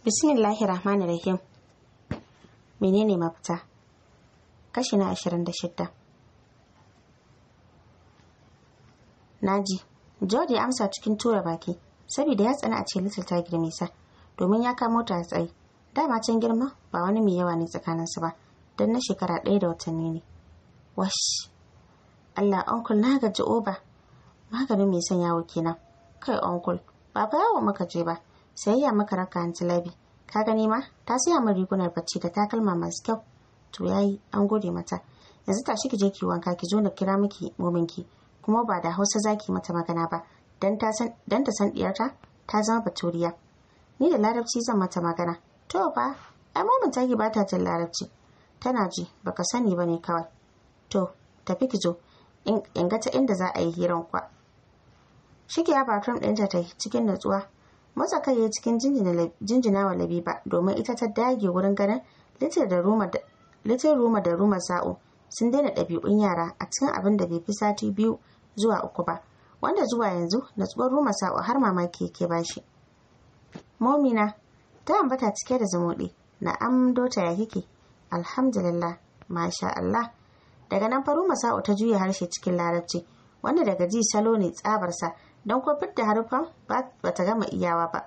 bismillahir rahmanir rahim menene mafita kashi na ashirin da shidda naji Jodi ya amsa cikin tura baki saboda ya tsana a ce Little ta girme sa domin ya kamo ta tsaye dama can girma ba wani mai yawa ne tsakaninsu ba don na shekara ɗaya da watanni ne wash Allah onkul na gaji oba maganin mai son yawo kenan kai onkul ba fa yawo maka je ba sayayya maka raka an labi ka gani ma ta siya min rigunar bacci da takalma masu kyau to yayi an gode mata yanzu tashi ki je ki wanka ki zo na kira miki mominki kuma ba da hausa zaki mata magana ba dan ta san dan ta san diyarta ta zama baturiya ni da larabci zan mata magana to fa ai momin ta ki ba ta jin larabci tana ji baka sani bane kawai to tafi ki zo in ga ta inda za a yi hiran kwa shike ya batum ɗinta ta cikin natsuwa motsa kai ya cikin jinjina wa labiba domin ita ta dage wurin ganin litin ruma da ruma sa'o sun daina ɗabi'un yara a cikin abin da bai fi sati biyu zuwa uku ba wanda zuwa yanzu natsuwar ruma sa'o har mamaki yake shi. momina ta ambata cike da zumuɗi na amdo ta ya kike alhamdulillah masha Allah daga nan fa faru sa'o ta juya harshe cikin larabci wanda daga ji salo ne tsabarsa don ko da haruffan ba ta gama iyawa ba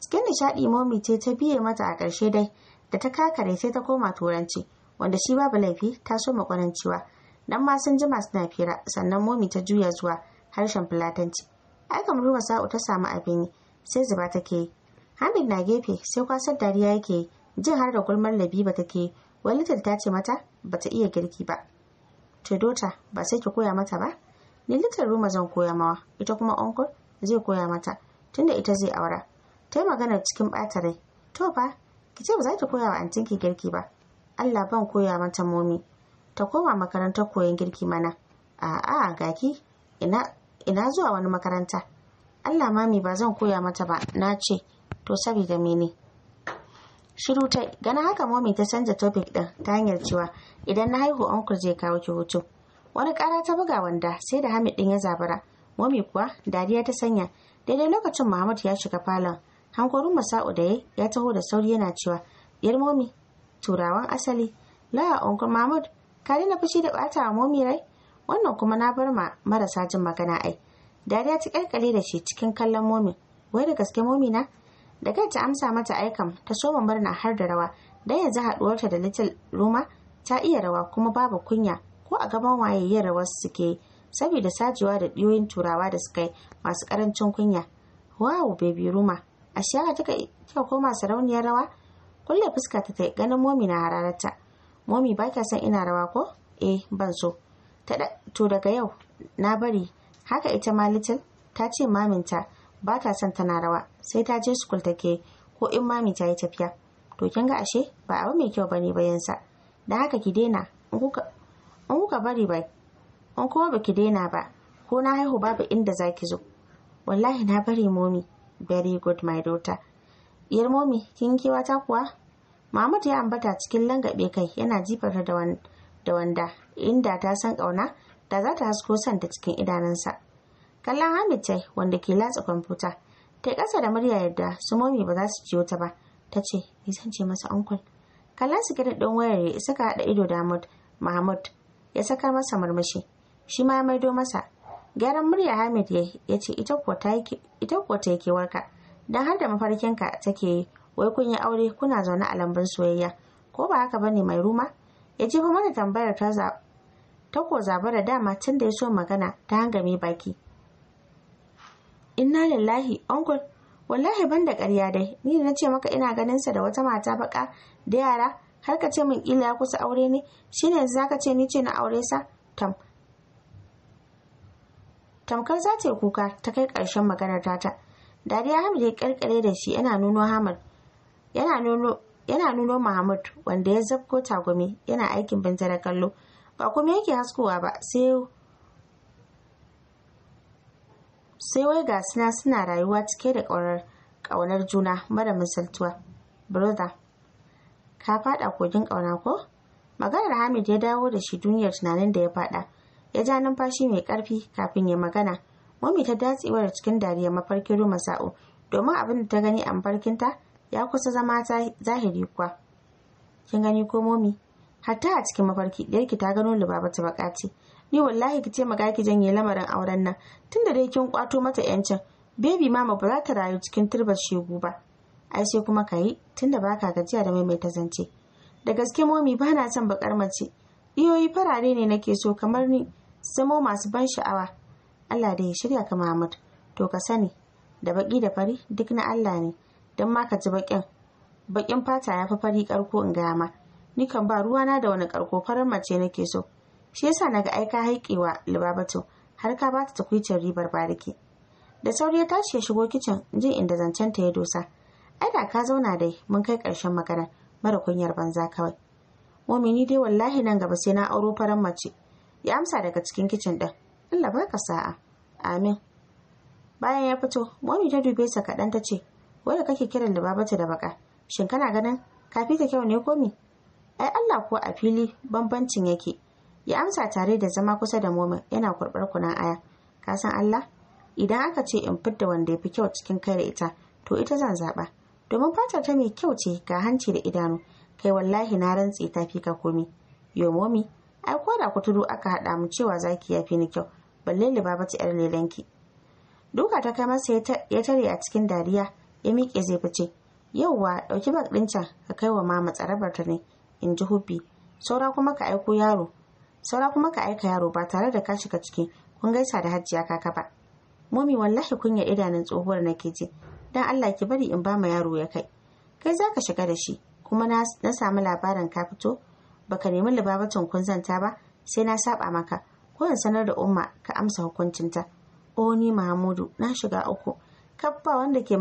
cikin nishaɗi momi ce ta biye mata a ƙarshe dai da ta kakare sai ta koma turanci wanda shi babu laifi ta so cewa dan ma sun jima suna fira sannan momi ta juya zuwa harshen fulatanci ai kamar ruwa sa'u ta samu abin yi sai zuba take yi hamid na gefe sai kwasar dariya yake yi jin har da gulmar labiba take yi walitar ta ce mata bata iya girki ba to dota ba sai ki koya mata ba ni ruma zan koya mawa ita kuma Onkur zai koya mata tunda ita zai aura ta yi maganar cikin ɓata rai to fa ki ce ba za ki koya wa antinki girki ba allah ban koya mata momi ta koma makarantar koyon girki mana a'a gaki ina ina zuwa wani makaranta allah mami ba zan koya mata ba na ce to saboda mene shiru ta gana haka momi ta canza topic ɗin, ta hanyar cewa idan na haihu onkur zai kawo ki hutu wani kara ta buga wanda sai da hamid ɗin ya zabara momi kuwa dariya ta sanya daidai lokacin muhammad ya shiga falon hankorin masa'u da ya taho da sauri yana cewa yar momi turawan asali la onko mahmud ka daina fushi da bata wa momi rai wannan kuma na bar ma marasa jin magana ai dariya ta kalkale da shi cikin kallon momi wai da gaske momi na da kai ta amsa mata aikam ta soma murna har da rawa dan yanzu haduwarta da little ruma ta iya rawa kuma babu kunya ko a gaban waye yin suke saboda sajewa da ɗiyoyin turawa da suka yi masu ƙarancin kunya wow baby ruma a shiyara ta kyau koma sarauniyar rawa kulle fuska ta tai ganin momi na hararata momi ba kya son ina rawa ko eh ban so to daga yau na bari haka ita ma little ta ce maminta ba ta son tana rawa sai ta je sukul take ko in mami ta yi tafiya to kin ga ashe ba abu mai kyau bane bayansa sa da haka ki daina in kuka in kuka bari bai? in kuma baki daina ba ko na haihu babu inda zaki zo wallahi na bari momi very good my daughter yar momi kin kewa ta kuwa Mahmud ya ambata cikin langabe kai yana jifar da in da wanda inda ta san kauna da za ta hasko ta cikin idanunsa kallon Hamid tai wanda ke latsa kwamfuta ta kasa da murya yadda su momi ba za su ciyo ta ba ta ce ni zan ce masa uncle kallon su gidan ɗin wayar ya suka haɗa ido da Mahmud ya saka masa murmushi shi ma ya maido masa gyaran murya hamid ya ce ita kuwa ta yake warka don har da mafarkinka take yi wai kun yi aure kuna zaune a lambun soyayya ko ba haka bane mai ruma ya jefa mana tambayar ta ta ko zaba da dama tun da ya so magana ta hangame baki inna lillahi uncle wallahi ban da ƙarya dai ni na ce maka ina ganin sa da wata mata baka da yara har ka ce min kila ya kusa aure ne shine yanzu zaka ce ni ce na aure sa tam tamkar za ta yi kuka ta kai ƙarshen maganar tata dariya hamid ya karkare da shi yana nuno hamad yana nuno yana nuno Muhammad wanda ya zabko tagumi yana aikin banza da kallo ba kuma yake haskowa ba sai wai ga suna suna rayuwa cike da ƙaunar juna mara misaltuwa brother ka faɗa kogin ƙauna ko maganar hamid ya dawo da shi duniyar tunanin da ya faɗa ya ja numfashi mai ƙarfi kafin ya magana mami ta datsewa da cikin dariya mafarkin ruma sa'o domin abin da ta gani a mafarkin ta ya kusa zama zahiri kuwa kin gani ko momi hatta a cikin mafarki ɗiyarki ta gano lubaba ta baka ce ni wallahi ki taimaka ki janye lamarin auren nan tunda dai kin kwato mata yancin bebi mama ba za ta rayu cikin turbar shegu ba ai sai kuma ka yi tunda baka gajiya da maimaita zance da gaske momi ba na son bakar mace iyoyi farare ne nake so kamar ni samo masu ban sha'awa Allah da ya shirya ka Muhammad to ka sani da baki da fari duk na Allah ne don ma ka ji bakin bakin fata ya fi fari karko in gaya ma ni kan ba ruwana da wani karko farar mace nake so shi yasa naga aika haikewa libabato har ka ba ta takwicin ribar bariki da sauri ya tashi ya shigo kicin jin inda zancen ta ya dosa ai da ka zauna dai mun kai ƙarshen magana mara kunyar banza kawai ni dai wallahi nan gaba sai na auro faran mace ya amsa daga cikin kicin ɗin Allah baka sa'a amin bayan ya fito momi ta dube sa kaɗan ta ce wanda kake kiran da babata da baka shin kana ganin ka ta kyau ne ko me ai Allah ko a fili bambancin yake ya amsa tare da zama kusa da momin yana kurɓar kunan aya ka san Allah idan aka ce in fidda wanda yafi fi kyau cikin kai da ita to ita zan zaɓa domin fatar ta mai kyau ce ga hanci da idanu kai wallahi na rantse ta fi ka komi yomomi ai ko da ku tudu aka hada mu cewa zaki yafi fi ni kyau balle baba ta yar lelanki duka ta kai masa ya tare a cikin dariya ya miƙe zai fice yauwa ɗauki bak ɗin can ka kai wa mama tsarabar ta ne in ji hubbi saura kuma ka aiko yaro saura kuma ka aika yaro ba tare da ka shiga ciki kun gaisa da hajjiya kaka ba momi wallahi kunya idanun tsohuwar nake ji don Allah ki bari in ba ma yaro ya kai kai za ka shiga da shi kuma na samu labarin ka fito baka nemi kun kunzanta ba sai na saba maka ko in sanar da umma ka amsa hukuncinta o ni Mahamudu na shiga uku kabba wanda ke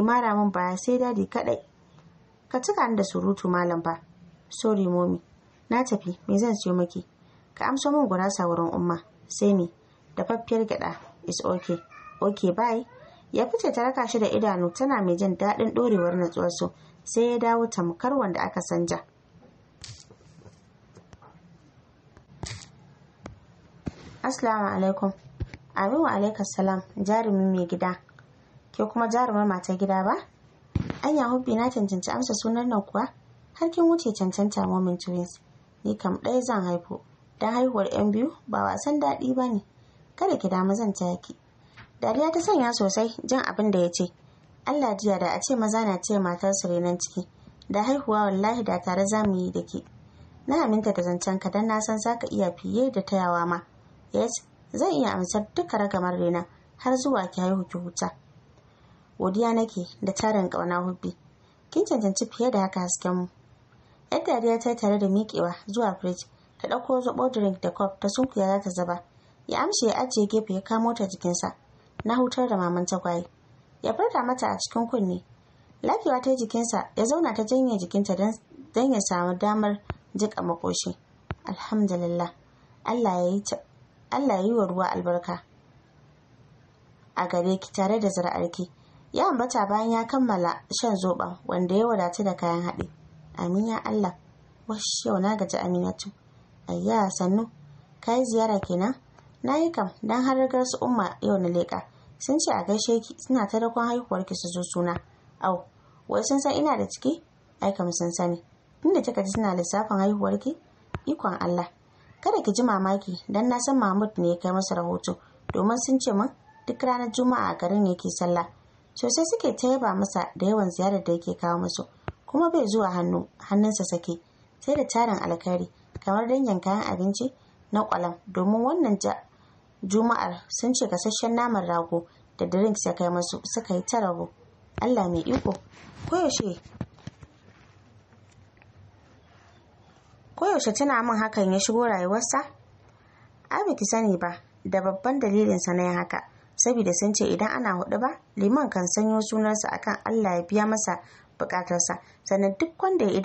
mara min baya sai dadi kadai ka cika ni da surutu malam ba sorry momi na tafi me zan siyo miki ka amsa min gurasa wurin umma sai ni da faffiyar gyada is okay okay bye ya fice ta raka shi da idanu tana mai jin daɗin ɗorewar natsuwarsu sai ya dawo tamkar wanda aka sanja Asalamu alaikum. Amin wa alaikar salam jarumin mai gida. Ke kuma jarumin mata gida ba? Anya hubbi na cancanci amsa sunan nan kuwa? Har kin wuce cancanta momin twins. Ni kam ɗaya zan haifu. Don haihuwar 'yan biyu ba wasan daɗi ba ne. Kada ki damu zan taki. dariya ta sanya sosai jin abin da ya ce allah jiya da a ce maza na ce matar su renon ciki da haihuwa wallahi da tare za mu yi da ke na aminta da zancen ka don na san za ka iya fiye da tayawa ma yes zan iya amsar duka ragamar renon har zuwa ki haihu ki huta godiya nake da tarin ƙauna hubbi kin cancanci fiye da haka hasken mu yar dariya ta yi tare da miƙewa zuwa firij ta ɗauko zaɓo drink da cup ta sunkuya za ta zaba ya amshi ya ajiye gefe ya kamo ta jikinsa na hutar da maman ta tagwaye ya furta mata a cikin kunne lafiya ta jikinsa ya zauna ta janye jikinta don ya samu damar jika makoshi alhamdulillah allah ya yi wa ruwa albarka a gare ki tare da zira'arki ya ambata bayan ya kammala shan zoba wanda ya wadatu da kayan haɗi amin ya allah Wasu yau na gaji aminatu ayya sannu ka yi ziyara kenan na yi kam don har rigar su umma yau na leƙa sun ce a gaishe ki suna ta dakon haihuwar ki su zo suna au wai sun san ina da ciki ai kam sun sani tunda kika ji suna lissafin haihuwar ki ikon Allah kada ki ji mamaki dan na san Mahmud ne ya kai masa rahoto domin sun ce min duk ranar Juma'a a garin yake sallah sosai suke ta masa da yawan ziyarar da yake kawo musu kuma bai zuwa hannu hannunsa sake sai da tarin alkhairi kamar dangin kayan abinci na kwalam domin wannan juma'ar sun ce gasasshen naman rago da drinks ya kai masu suka yi ta rabo allah mai iko koyaushe koyaushe tana min hakan ya shigo rayuwarsa abi ki sani ba da babban dalilinsa na yin haka saboda sun ce idan ana hudu ba liman kan sanyo sunansa akan allah ya biya masa bukatarsa sannan duk wanda ya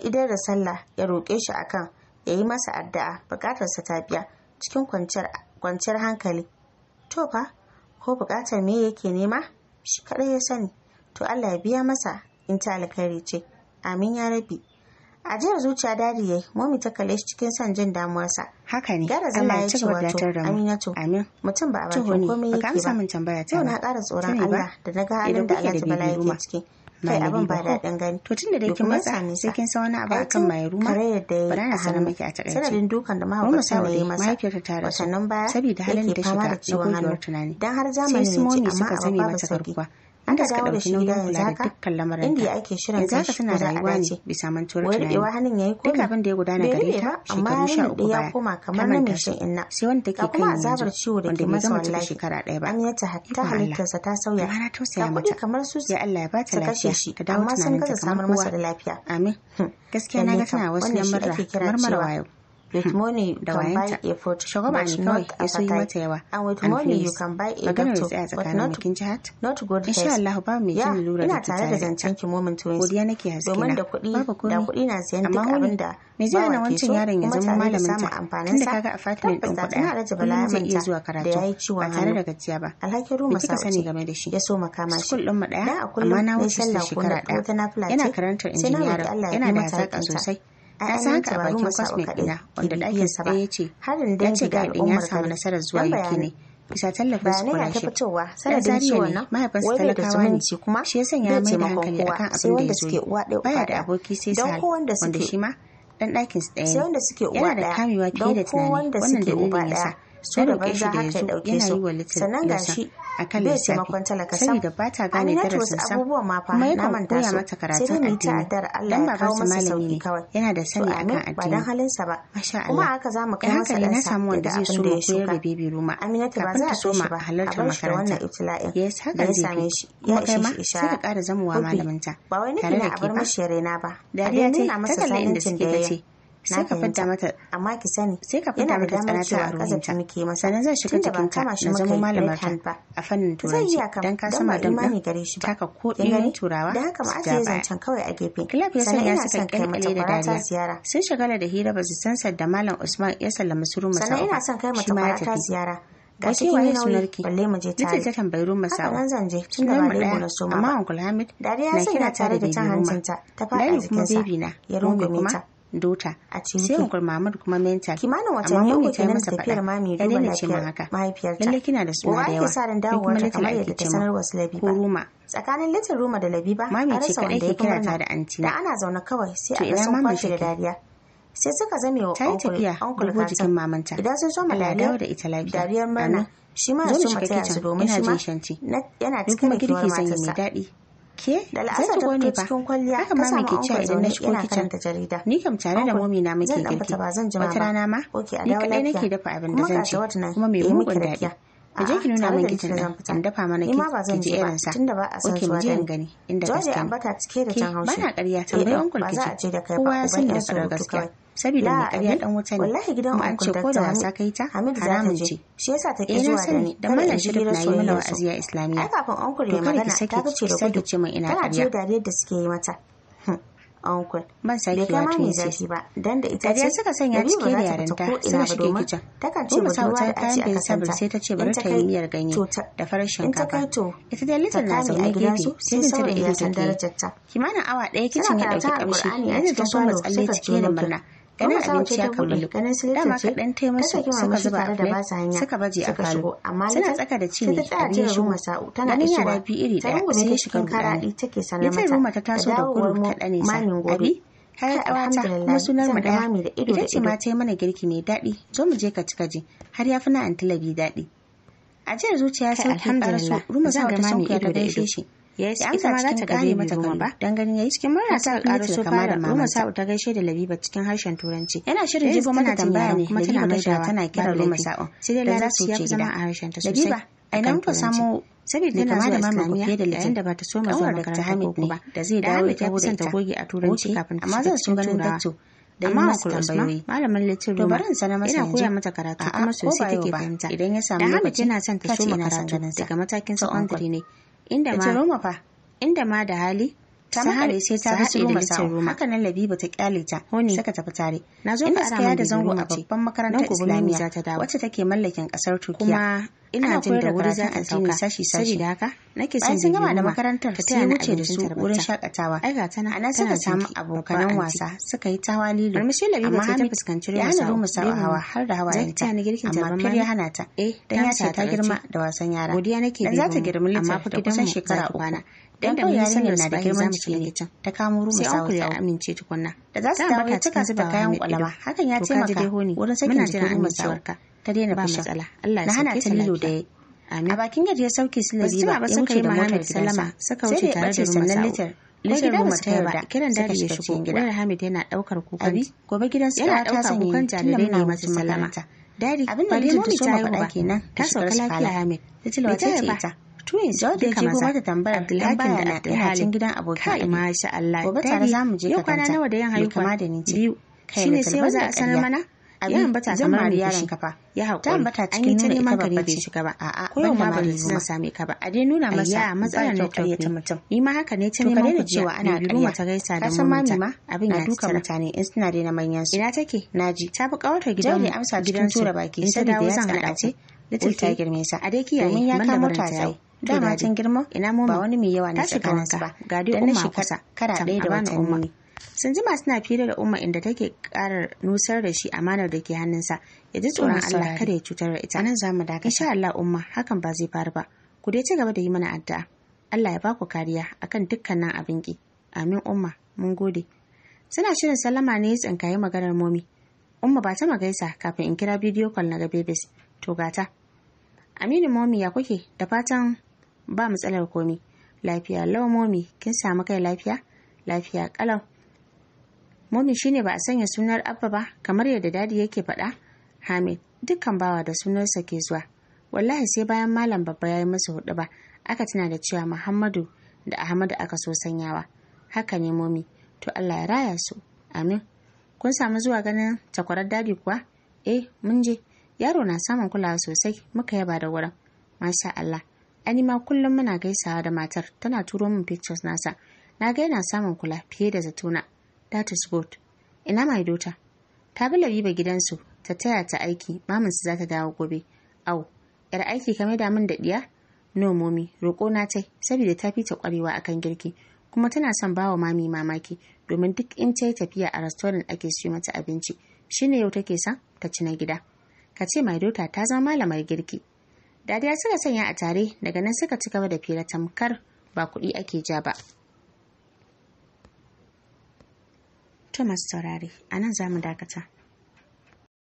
idar da sallah ya roƙe shi akan ya yi masa addu'a bukatarsa ta biya cikin kwanciyar hankali to fa ko bukatar me yake nema shi kadai ya sani to Allah ya biya masa in ta alkhairi ce amin ya rabi a jiyar zuciya dadi yayi momi ta kale shi cikin san jin damuwarsa haka ne gara zama ya ci wato to amin mutum ba a bakin komai yake ba yau na ƙara tsoron Allah da na ga halin da Allah ta bala yake ciki kai abin ba daɗin gani to tunda dai kin matsa ne sai kin san wani abu akan mai ruma kare yadda ya bara na sanar miki a takaice sanadin dukan da mahaifin ne masa mahaifiyar ta rasu watannin baya saboda halin da shiga na gogewar tunani dan har zamanin ne amma abin ba sarkuwa an da dawo da shi gidan da dukkan lamarin inda ake shirin zaka shi suna rayuwa ne bisa mantuwar tunani wai hannun yayi komai duk abin da ya gudana gare ta amma sha uku baya koma kamar na mai shan inna sai wanda take kai azabar ciwo da ke masa wallahi shekara ɗaya ba aminata ta halittarsa ta sauya ta tausaya mata kamar su ya Allah ya ba ta lafiya ta dawo tunanin ta samar masa da lafiya amin hm. gaskiya na ga tana wasu lamurra marmarawa yau with hmm. money da wayanta shugaba ne kawai ya so yi mata yawa and please maganar da tsaya tsakanin kin ji hat insha Allah ba mai jin lura da ta tare da zancen ki moment to godiya nake haske na da kuɗi na siyan duk abin da me zai hana wancan yaron ya zama malamin ta tunda kaga apartment din kuɗaya zai iya zuwa karatu ba tare da gajiya ba alhakin ruma sa sani game da shi ya so makama shi kullum mu daya amma na wuce shekara daya yana karantar injiniya yana da hazaka sosai na ta bakin cosmic ɗina wanda ɗakin sa ba harin ce ga ya samu nasarar zuwa yake ne bisa tallafin shi dan zariya ne mahaifinsa talakawa ne shi ya sanya mai da hankali kan abin da ya zo baya da aboki sai sal wanda shi ma ɗan ɗakin su ɗaya ne yana da kamewa fiye da tunani wannan dalilin sa sun roƙe shi da ya zo yana yi wa littattafan sa a akan lissafi da ba ta gane darasin sam kuma yakan koya mata karatun addini dan su malami ne yana da sani akan addini masha Allah da hankali na samu wanda zai so mu koyar da bibi ruma kafin ta soma a halartar makaranta ya haka zai fi kuma kai ma sai ka ƙara zamowa malaminta tare da ke ba dariya ta kalli inda suke da ce sai ka fidda mata amma ki sani sai ka fidda mata tsana ta arwinta muke masa sannan zan shiga cikin ta na zama malamar ta a fannin turanci dan ka sama dan imani gare shi taka ko ɗin turawa da haka ma ake zancen kawai a gefe kilab ya san sanya suka kalmale da dariya sun shagala da hira ba su san sadda malam usman ya sallama suru masa sannan ina son kai mata barata ziyara ga shi wani sunarki balle mu je tare ta tambayi ruwan masa nan zanje je tun da ba lebo soma amma uncle hamid dariya ya sanya tare da can hancinta ta fara jikinsa ya rungume ta dota a cikin sai uncle mahmud kuma mental kimanin watanni uku kenan da tafiyar ce mun haka mahaifiyarta lalle kina da suna da yawa wa ake dawowar ta kamar yadda ta sanar wasu labiba ko ruma tsakanin litin ruma da labiba mami ce kadai ke kira ta da antina da ana zaune kawai sai a ga sun kwashe da dariya sai suka zame wa uncle jikin mamanta idan sun zo malaliyar da ita lafiya dariyar mana shi ma su mata su. domin shi ma yana cikin da mai matarsa ke da la'asar ta wani ba cikin kwalliya haka ma ke cewa idan na shigo kicin jarida ni kam tare da momi na muke girki wata rana ma ni kadai nake dafa abin da zan ci kuma mai eh, mugun dadi a je ki nuna min kicin din in dafa mana ki ji irin sa a san zuwa in gani inda gaskiya ne ke bana ƙarya eh, ce da kai kowa ya san ina faɗar gaskiya saboda mai ƙarya dan wuta ne wallahi gidan an ce ko da wasa kai ta haramun ce shi yasa take eh, zuwa da ni da mallan shirin na yi mana wa'aziya islamiyya ai kafin an ya magana ta ga ce da gudu ce mai ina ƙarya tana ce dariyar da suke yi mata hm, uncle ban sake wato ne zafi ba dan da ita ce suka sanya cike da yarinta suka shige kicin takan ce ba ruwa da kayan da yasa sai ta ce bari ta yi miyar ganye da farar shinkafa ita da litar na zaune gefe sai ta da ido ta kimanin awa ɗaya kicin ya ɗauki ƙamshi yadda da so matsalle cike da murna yana abinci ya kammalo dama kaɗan ta masu suka zuba a plate suka baje a falo suna tsaka da ci ne abin shigo ganin yara biyu iri ɗaya sai ya shiga rudani ita ruma ta taso da gudu ta ɗane sa abi kayan ƙawata kuma sunar mu ɗaya ita ce ma ta mana girki mai daɗi zo mu je ka ci kaji har ya fi na antilabi daɗi ajiyar zuciya sauki ƙarasu ruma sa ta sunkuya da gaishe shi Yes, ita ma za ta gane mata kan ba. Dan ganin yayi cikin murna ta ƙara so fara Umma Sa'u ta gaishe da Labiba cikin harshen Turanci. Yana shirin jibo mata tambaya ne kuma tana maidawa tana kira Umma Sa'u. Sai dai Larabci ya fi zama a harshen ta sosai. a ina muka samu saboda tana zuwa islamiyya fiye da yayin da bata so ma zuwa makaranta ko ba da zai dawo ya tafi son ta goge a turanci kafin amma zan so ganin dacto da yi masu tambayoyi malamin litin roma barin sana masa yana koya mata karatu kuma sosai take fahimta idan ya samu lokaci yana son ta so makaranta daga matakin sakandare ne inda ma Roma fa inda ma da hali ta makare sai ta haɗe da Mr. Roma haka nan Labiba ta kyale ta honi saka tafi tare na zo ka ara da zango a babban makarantar Islamiyya wacce take mallakin kasar Turkiya kuma ina jin da wuri za a sauka sashi sashi da haka nake son sun gama da makarantar ta taya wuce da su wurin shakatawa ai ga tana ana suka samu abokanan wasa suka yi tawa lilo murmushi labiba ta fuskanci ya hana hawa har da hawa ta ni girkin ta amma ya hana ta eh dan ya ta girma da wasan yara godiya nake dan za ta girma amma fa gidan shekara uku dan da ya sanin na da girman ciki ne ta kamo sai sawa ya amince tukunna da za su dawo ta cika su da kayan kwalama hakan ya taimaka wurin sakin jikin rumu sawarka ta daina ba na hana ta lilo da ya a bakin gari ya sauke su labiba ya wuce da motar sallama suka wuce tare da sannan litar litar roma ta yarda kiran dadi ya shigo hamid yana daukar kukan gobe gidan su ta sanya kukan jarirai ne masu sallama dadi abin da litar ta soma ba. kenan ta sauka lafiya hamid ta tilawa ta ce ita twins Jordi da jigo mata tambayar Abdulhakim da cikin gidan abokin Ali. Masha Allah. Gobe tare za mu je ka Yau kwana nawa da yan haihuwa? Kama da ni ce. Biyu. Shine sai yau za a sanar mana? abin ambata kamar yaron ka fa ya haƙuri ta ambata cikin nuna ita babba bai shiga ba a'a ko yau ma ba same ka ba a dai nuna masa matsalar na ƙaryata mutum ni ma haka ne ta neman ku cewa ana ƙarya ta gaisa da mu mami ma abin ya duka mutane in suna daina manyan su ina take naji ta bi ƙawarta gidan ne amsa cikin tura baki in ta dawo zan little ta girme sa a dai kiyaye ya kama ta tsaye dama can girma ina mu ba wani mai yawa ne tsakanin ba ga dai umma kusa kara ɗaya da watanni. sun jima suna fira da umma inda take karar nusar da shi amanar da ke hannunsa ya ji tsoron Allah kada ya cutar da ita za mu dakata insha Allah umma hakan ba zai faru ba ku dai ci gaba da yi mana addu'a Allah ya ba ku kariya akan dukkanin abin ki amin umma mun gode suna shirin sallama ne ya tsinkaye maganar momi umma ba ta magaisa kafin in kira bidiyo kwal na ga babies to gata aminu momi ya kuke da fatan ba matsalar komi lafiya lau momi kin samu kai lafiya lafiya kalau momi shine ba a sanya sunar abba ba kamar yadda dadi yake faɗa hamid dukkan bawa da sunarsa ke zuwa wallahi sai bayan malam babba ya yi masa hudu ba aka tuna da cewa muhammadu da ahmadu aka so sanyawa haka ne momi to allah ya raya su amin kun samu zuwa ganin takwarar dadi kuwa eh mun je yaro na samun kulawa sosai muka yaba da wurin masha allah ani ma kullum muna gaisawa da matar tana turo min pictures nasa na ga yana samun kula fiye da zatuna. that is good ina mai dota ta bi labiba gidansu ta taya ta aiki su za ta dawo gobe au yar aiki ka maida min da ɗiya? no momi roƙo na tai saboda ta fi ta kwarewa akan girki kuma tana son bawa mami mamaki domin duk in ta yi tafiya a restaurant ake siyo mata abinci shi ne yau take son ta ci na gida ka ce mai dota ta zama malamar girki dadiya suka sanya a tare daga nan suka ci gaba da fira tamkar ba kuɗi ake ja ba To masu saurare, a nan za mu dakata.